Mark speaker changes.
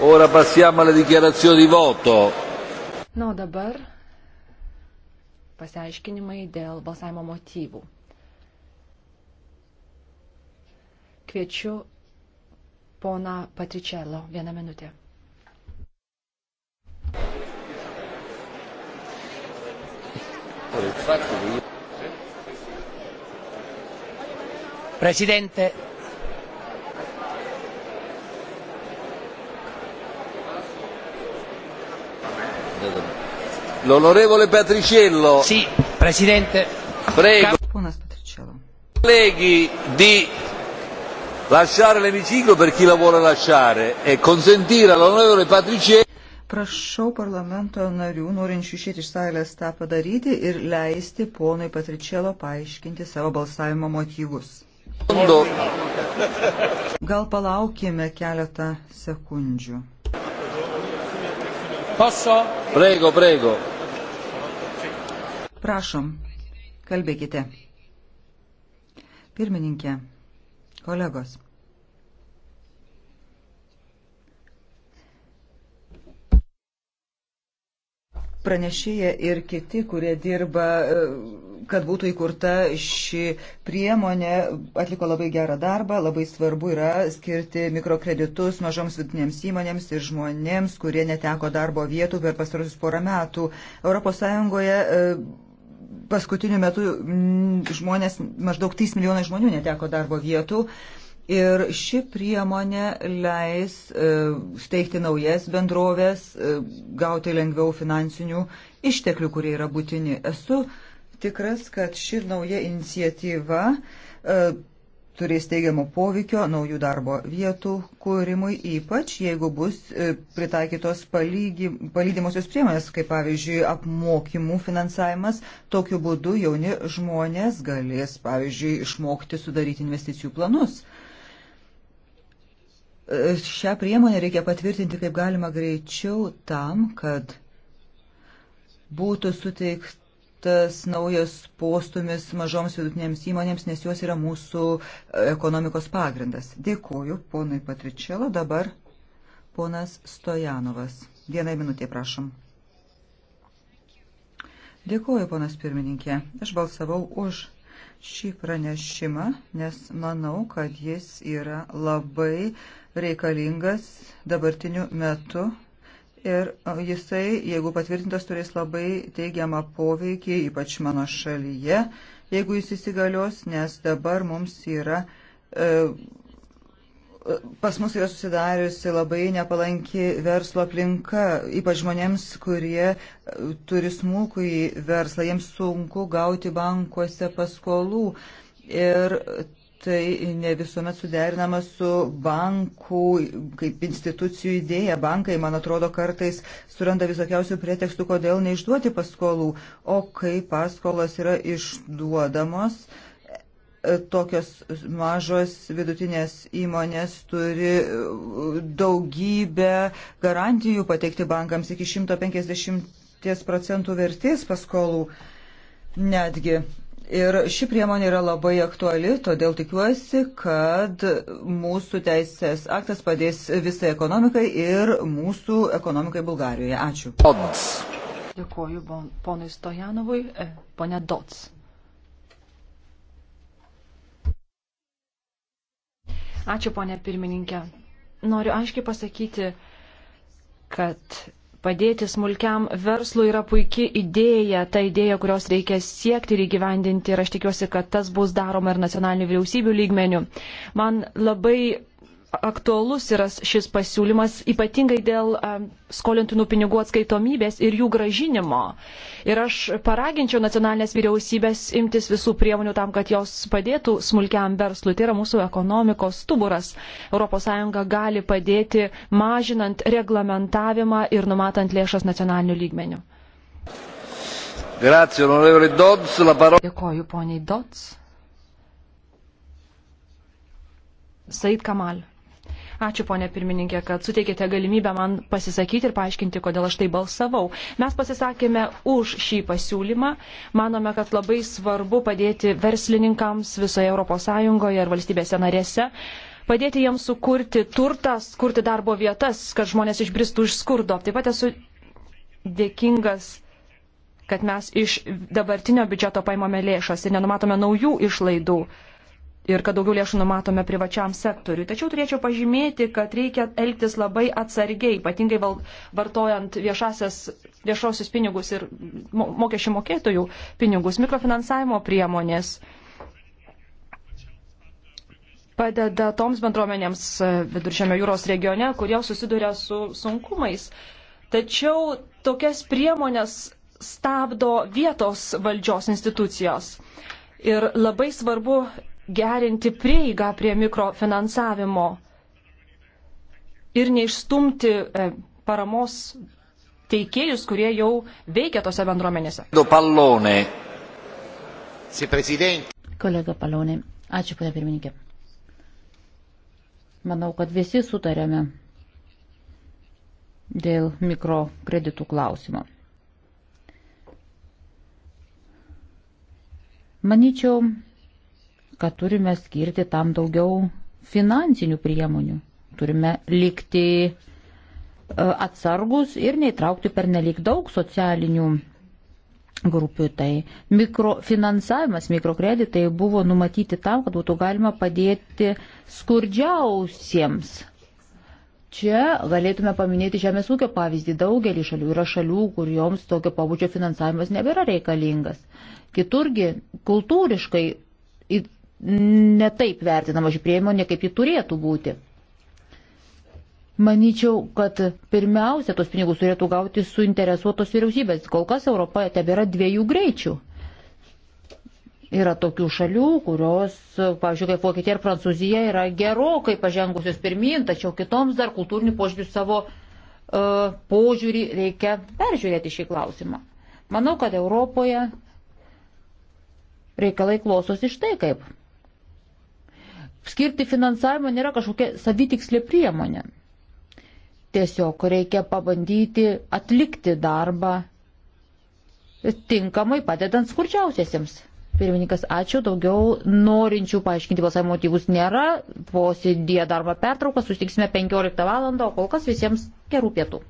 Speaker 1: Ora passiamo alle dichiarazioni di
Speaker 2: voto.
Speaker 3: Na, no, dabar pasiaiškinimai dėl balsavimo motyvų. Kviečiu pona Patričello vieną minutę. Presidente,
Speaker 2: L'onorevole Patriciello. Sì,
Speaker 3: Presidente. Prego. Ponas Patriciello.
Speaker 2: Colleghi di lasciare l'emiciclo per chi la vuole lasciare e consentire all'onorevole Patriciello. Prašau parlamento narių, norinčių išėti iš salės tą padaryti ir leisti ponui Patričėlo paaiškinti savo balsavimo motyvus. Gal palaukime keletą sekundžių. Posso?
Speaker 1: Prego, prego.
Speaker 2: Prašom, kalbėkite. Pirmininkė, kolegos. Pranešėja ir kiti, kurie dirba, e, kad būtų įkurta ši priemonė, atliko labai gerą darbą. Labai svarbu yra skirti mikrokreditus mažoms vidinėms įmonėms ir žmonėms, kurie neteko darbo vietų per pastarusius porą metų. ES paskutiniu metu mm, žmonės, maždaug 3 milijonai žmonių neteko darbo vietų. Ir ši priemonė leis e, steigti naujas bendrovės, e, gauti lengviau finansinių išteklių, kurie yra būtini. Esu tikras, kad ši nauja iniciatyva e, turės teigiamo poveikio naujų darbo vietų kūrimui, ypač jeigu bus e, pritaikytos palygi, palydimosios priemonės, kaip pavyzdžiui apmokymų finansavimas. Tokiu būdu jauni žmonės galės, pavyzdžiui, išmokti sudaryti investicijų planus. E, šią priemonę reikia patvirtinti kaip galima greičiau tam, kad būtų suteikta tas naujas postumis mažoms vidutinėms įmonėms, nes jos yra mūsų e, ekonomikos pagrindas. Dėkuoju, ponai Patričelo, dabar ponas Stojanovas. Vienai minutė, prašom. Dėkuoju, ponas pirmininkė. Aš balsavau už šį pranešimą, nes manau, kad jis yra labai reikalingas dabartiniu metu Ir jisai, jeigu patvirtintas, turės labai teigiamą poveikį, ypač mano šalyje, jeigu jis įsigalios, nes dabar mums yra, e, pas mus yra susidariusi labai nepalanki verslo aplinka, ypač žmonėms, kurie e, turi smūkų į verslą, jiems sunku gauti bankuose paskolų. Ir tai ne visuomet suderinama su bankų kaip institucijų idėja. Bankai, man atrodo, kartais suranda visokiausių pretekstų, kodėl neišduoti paskolų. O kai paskolos yra išduodamos, e, tokios mažos vidutinės įmonės turi e, daugybę garantijų pateikti bankams iki 150 procentų vertės paskolų netgi. Ir ši priemonė yra labai aktuali, todėl tikiuosi, kad mūsų teisės aktas padės visai ekonomikai ir mūsų ekonomikai Bulgarijoje. Ačiū. Dots.
Speaker 3: Dėkuoju ponui Stojanovui, e, ponė Dots. Ačiū, ponė pirmininkė. Noriu aiškiai pasakyti, kad Padėti smulkiam verslui yra puikia idėja, ta idėja, kurios reikia siekti ir įgyvendinti ir aš tikiuosi, kad tas bus daroma ir nacionalinių vyriausybių lygmenių. Man labai aktualus yra šis pasiūlymas, ypatingai dėl e, skolintinų pinigų atskaitomybės ir jų gražinimo. Ir aš paraginčiau nacionalinės vyriausybės imtis visų priemonių tam, kad jos padėtų smulkiam verslui. Tai yra mūsų ekonomikos stuburas. ES gali padėti mažinant reglamentavimą ir numatant lėšas nacionaliniu lygmeniu.
Speaker 2: Grazie, onorevole Dodds. La parola. Dėkoju,
Speaker 3: poniai Dodds. Said Kamal. Ačiū, ponė pirmininkė, kad suteikėte galimybę man pasisakyti ir paaiškinti, kodėl aš tai balsavau. Mes pasisakėme už šį pasiūlymą. Manome, kad labai svarbu padėti verslininkams visoje ES ir valstybėse narėse padėti jiems sukurti turtas, kurti darbo vietas, kad žmonės išbristų iš skurdo. Taip pat esu dėkingas, kad mes iš dabartinio biudžeto paimame lėšas ir nenumatome naujų išlaidų ir kad daugiau lėšų numatome privačiam sektoriui. Tačiau turėčiau pažymėti, kad reikia elgtis labai atsargiai, ypatingai vartojant viešasias, viešosius pinigus ir mokesčių mokėtojų pinigus, mikrofinansavimo priemonės padeda toms bendruomenėms e, viduržėmio jūros regione, kurie susiduria su sunkumais. Tačiau tokias priemonės stabdo vietos valdžios institucijos. Ir labai svarbu gerinti prieigą prie mikrofinansavimo ir neišstumti e, paramos teikėjus, kurie jau veikia tose bendruomenėse. Kolega Palonė, ačiū, ponia pirmininkė.
Speaker 1: Manau, kad visi sutarėme dėl mikrokreditų klausimo. Manyčiau, kad turime skirti tam daugiau finansinių priemonių. Turime likti e, atsargus ir neįtraukti per nelik daug socialinių grupių. Tai mikrofinansavimas, mikrokreditai buvo numatyti tam, kad būtų galima padėti skurdžiausiems Čia galėtume paminėti žemės ūkio pavyzdį. Daugelį šalių yra šalių, kur joms tokio pabudžio finansavimas nebėra reikalingas. Kiturgi kultūriškai netaip vertinama ši priemonė, kaip ji turėtų būti. Maničiau, kad pirmiausia, tos pinigus turėtų gauti suinteresuotos vyriausybės. Kol kas Europoje tebėra dviejų greičių. Yra tokių šalių, kurios, pavyzdžiui, kaip Vokietija ir Prancūzija, yra gerokai pažengusios pirmin, tačiau kitoms dar kultūrinių požiūrių savo uh, požiūrį reikia peržiūrėti šį klausimą. Manau, kad Europoje reikalai klostosi štai kaip skirti finansavimą nėra kažkokia savitikslė priemonė. Tiesiog reikia pabandyti atlikti darbą tinkamai padedant skurčiausiesiems. Pirmininkas, ačiū, daugiau norinčių paaiškinti balsavimo motyvus nėra. Posėdėje darbo pertrauką, susitiksime 15 val. o kol kas visiems gerų pietų.